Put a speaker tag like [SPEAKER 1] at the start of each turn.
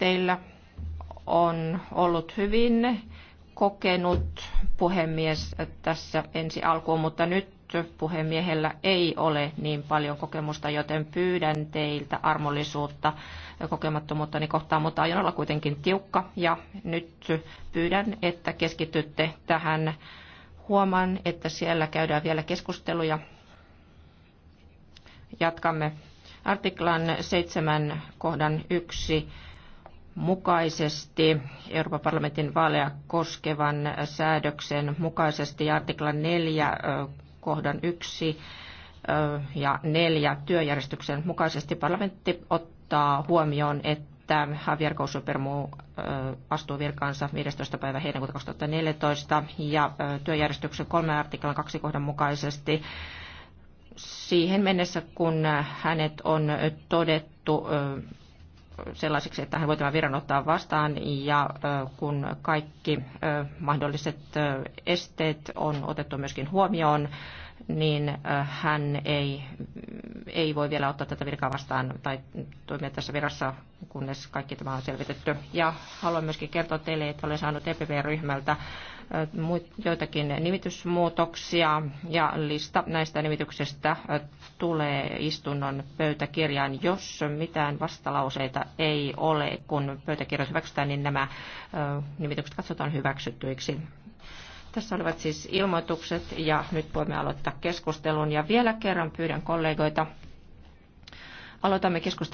[SPEAKER 1] teillä on ollut hyvin kokenut puhemies tässä ensi alkuun, mutta nyt puhemiehellä ei ole niin paljon kokemusta, joten pyydän teiltä armollisuutta kokemattomuuttani kohtaan, mutta aion olla kuitenkin tiukka ja nyt pyydän, että keskitytte tähän. Huomaan, että siellä käydään vielä keskusteluja. Jatkamme artiklan 7 kohdan 1 mukaisesti, Euroopan parlamentin vaaleja koskevan säädöksen mukaisesti ja artiklan 4 kohdan 1 ja 4 työjärjestyksen mukaisesti parlamentti ottaa huomioon, että että Javier Kousupermu astuu virkaansa 15. päivä heinäkuuta 2014 ja työjärjestyksen 3 artiklan 2 kohdan mukaisesti siihen mennessä, kun hänet on todettu sellaiseksi, että hän voi tämän viran ottaa vastaan ja kun kaikki mahdolliset esteet on otettu myöskin huomioon, niin hän ei ei voi vielä ottaa tätä virkaa vastaan tai toimia tässä virassa, kunnes kaikki tämä on selvitetty. Ja haluan myöskin kertoa teille, että olen saanut EPV-ryhmältä joitakin nimitysmuutoksia ja lista näistä nimityksistä tulee istunnon pöytäkirjaan. Jos mitään vastalauseita ei ole, kun pöytäkirjat hyväksytään, niin nämä nimitykset katsotaan hyväksyttyiksi. Tässä olivat siis ilmoitukset ja nyt voimme aloittaa keskustelun. Ja vielä kerran pyydän kollegoita. Aloitamme keskustelun.